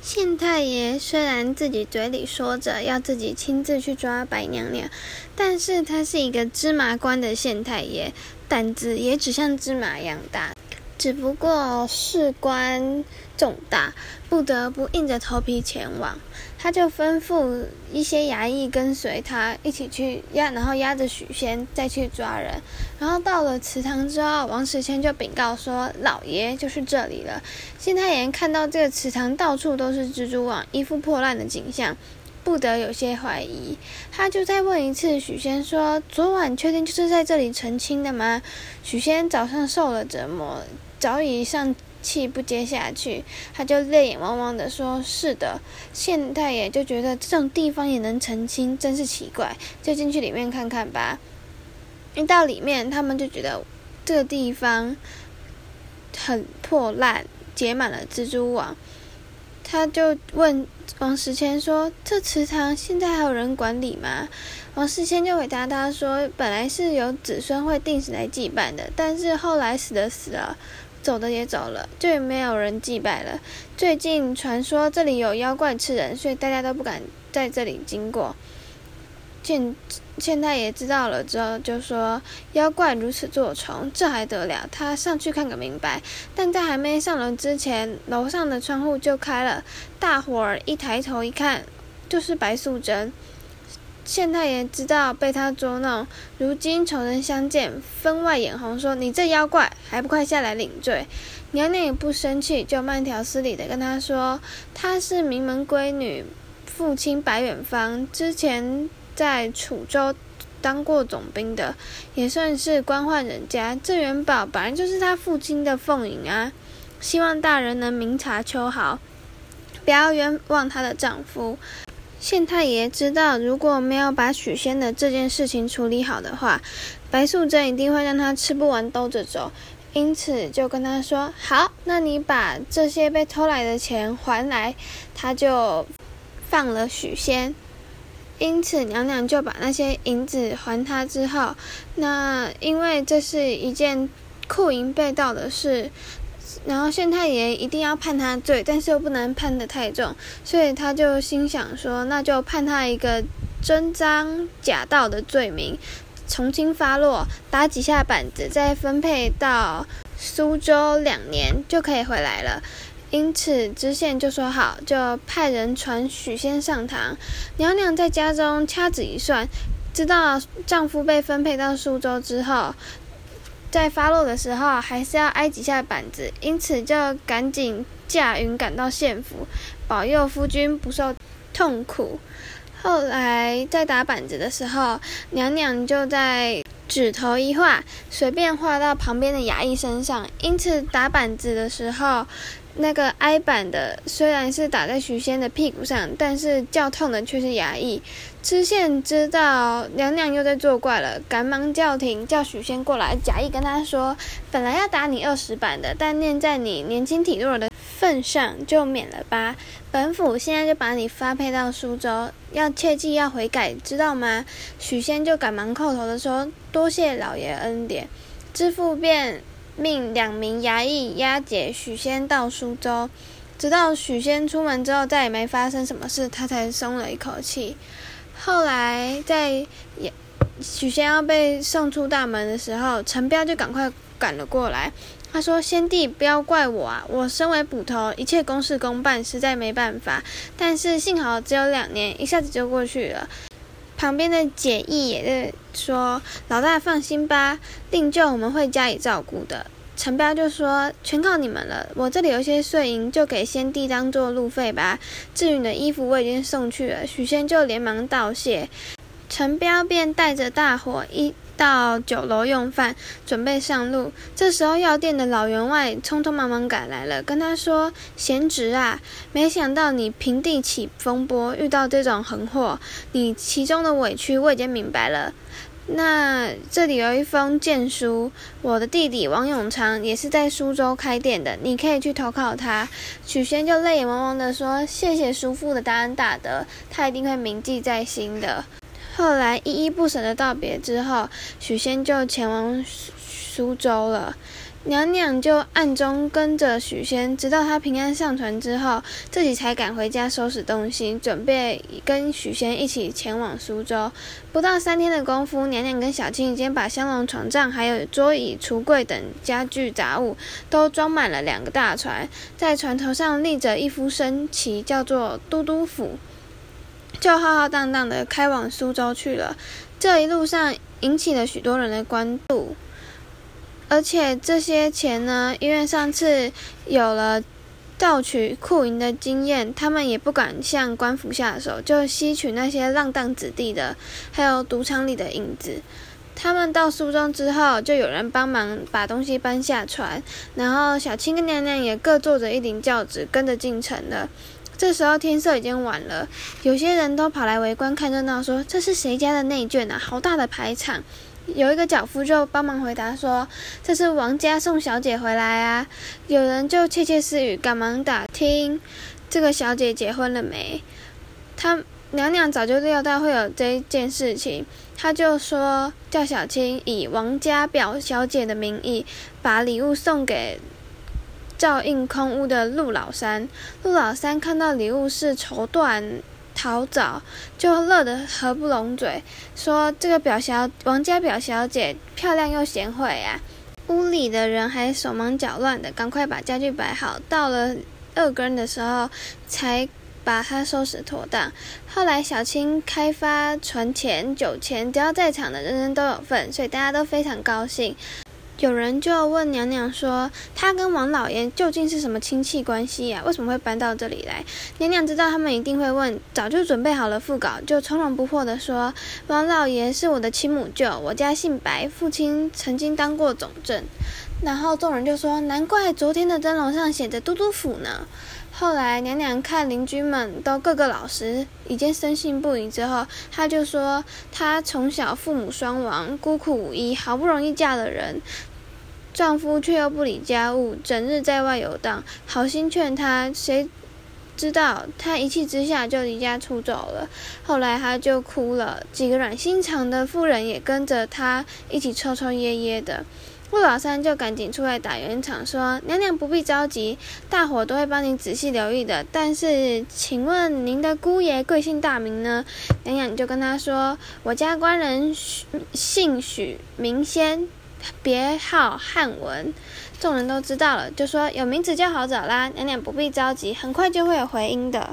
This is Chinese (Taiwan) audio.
縣太爺雖然自己嘴裡說着要自己親自去抓白娘娘，但是他是一個芝麻官的縣太爺，膽子也只像芝麻一樣大。只不過事關重大，不得不硬着頭皮前往。他就吩咐一些衙役跟隨他一起去押，然後押着許仙再去抓人。然後到了祠堂之後，王時遷就禀告說：“老爺就是這裡了。”縣太爺看到這個祠堂到處都是蜘蛛網，一副破爛的景象，不得有些懷疑。他就再問一次許仙說：“昨晚確定就是在這裡成親的嗎？”許仙早上受了折磨。早已上氣不接下去，他就淚眼汪汪的說：“是的，現在也就覺得這種地方也能澄清。”真是奇怪，就進去裡面看看吧。一到裡面，他們就覺得這個地方很破爛，結滿了蜘蛛網。他就問王時遷說：“這祠堂現在還有人管理嗎？”王時遷就回答他說：“本來是有子孫會定時來祭拜的，但是後來死的死了。”走的也走了，就沒有人祭拜了。最近傳說這裡有妖怪吃人，所以大家都不敢在這裡經過。縣縣太爺知道了之後，就說妖怪如此作祟，這還得了？他上去看個明白。但在還沒上樓之前，樓上的窗戶就開了，大伙兒一抬頭一看，就是白素貞。縣太爺知道被他捉弄，如今仇人相見，分外眼紅，說：“你這妖怪，還不快下來領罪！”娘娘也不生氣，就慢條斯理地跟他說：“他是名門閨女，父親白遠方，之前在楚州當過總兵的，也算是官宦人家。這元寶本來就是他父親的俸銀啊，希望大人能明察秋毫，不要冤枉他的丈夫。”縣太爺知道，如果沒有把許仙的這件事情處理好的話，白素貞一定會讓他吃不完兜着走。因此就跟他說：“好，那你把這些被偷來的錢還來，他就放了許仙。”因此，娘娘就把那些銀子還他之後，那因為這是一件庫銀被盜的事。然後縣太爺一定要判他罪，但是又不能判得太重，所以他就心想說，那就判他一個真贓假盜的罪名，從輕發落，打幾下板子，再分配到蘇州兩年，就可以回來了。因此知縣就說好，就派人傳許仙上堂。娘娘在家中掐指一算，知道丈夫被分配到蘇州之後。在發落的時候，還是要挨幾下板子，因此就趕緊駕雲趕到縣府，保佑夫君不受痛苦。後來在打板子的時候，娘娘就在指頭一畫，隨便畫到旁邊的衙役身上，因此打板子的時候。那個挨板的雖然是打在許仙的屁股上，但是叫痛的卻是衙役。知縣知道娘娘又在作怪了，趕忙叫停，叫許仙過來，假意跟他說：“本來要打你二十板的，但念在你年輕體弱的份上，就免了吧。本府現在就把你發配到蘇州，要切記要悔改，知道嗎？”許仙就趕忙叩頭地說，多謝老爺恩典。知府便，命兩名衙役押解許仙到蘇州，直到許仙出門之後，再也沒發生什麼事，他才鬆了一口氣。後來在許仙要被送出大門的時候，陳彪就趕快趕了過來，他說：“先帝不要怪我啊，我身為捕頭，一切公事公辦，實在沒辦法。但是幸好只有兩年，一下子就過去了。”旁邊的簡義也在說：“老大放心吧，令舅，我們會加以照顧的。”陳彪就說：“全靠你們了，我這裡有一些碎銀，就給先帝當做路費吧。”至於你的衣服我已經送去了。許仙就連忙道謝，陳彪便帶着大夥一到酒樓用飯，準備上路。這時候，藥店的老員外匆匆忙忙趕來了，跟他說：“賢侄啊，沒想到你平地起風波，遇到這種橫禍。你其中的委屈，我已經明白了。那這裡有一封薦書，我的弟弟王永昌也是在蘇州開店的，你可以去投靠他。”許仙就淚眼汪汪的說：“謝謝叔父的大恩大德，他一定會銘記在心的。”後來依依不舍的道別之後，許仙就前往蘇州了。娘娘就暗中跟着許仙，直到他平安上船之後，自己才趕回家收拾東西，準備跟許仙一起前往蘇州。不到三天的功夫，娘娘跟小青已經把香籠、床帳，還有桌椅、櫥櫃等家具雜物都裝滿了兩個大船，在船頭上立着一幅生旗，叫做都督府。就浩浩蕩蕩地開往蘇州去了。這一路上引起了許多人的關注，而且這些錢呢，因為上次有了盜取庫銀的經驗，他們也不敢向官府下手，就吸取那些浪蕩子弟的，還有賭場裡的銀子。他們到蘇州之後，就有人幫忙把東西搬下船，然後小青跟娘娘也各坐着一頂轎子，跟着進城了。這時候天色已經晚了，有些人都跑來圍觀看熱鬧，說：“這是誰家的內眷啊？好大的排場！”有一個腳夫就幫忙回答說：“這是王家送小姐回來啊。”有人就竊竊私語，趕忙打聽：“這個小姐結婚了沒？”她娘娘早就料到會有這件事情，她就說：“叫小青以王家表小姐的名義，把禮物送給。”照應空屋的陸老三，陸老三看到禮物是綢緞、桃棗，就樂得合不攏嘴，說：“這個表小王家表小姐，漂亮又賢惠啊！”屋裡的人還手忙腳亂的，趕快把家具擺好。到了二更的時候，才把他收拾妥當。後來小青開發船錢、酒錢，只要在場的人人都有份，所以大家都非常高興。有人就問娘娘說：“她跟王老爺究竟是什麼親戚關係呀、啊？為什麼會搬到這裡來？”娘娘知道他們一定會問，早就準備好了腹稿，就從容不迫地說：“王老爺是我的親母舅，我家姓白，父親曾經當過總鎮。”然後眾人就說：“難怪昨天的燈籠上寫着‘都督府’呢。”後來，娘娘看鄰居們都個個老實，已經深信不疑。之後，她就說：“她從小父母雙亡，孤苦無依，好不容易嫁了人，丈夫卻又不理家務，整日在外遊蕩。好心勸她，誰知道她一氣之下就離家出走了。”後來，她就哭了，幾個軟心腸的婦人也跟着她一起抽抽噎噎的。顧老三就趕緊出來打圓場，說：“娘娘不必着急，大夥都會幫您仔細留意的。但是，請問您的姑爺貴姓大名呢？”娘娘就跟他說：“我家官人姓許，名仙，別號漢文。”眾人都知道了，就說：“有名字就好找啦，娘娘不必着急，很快就會有回音的。”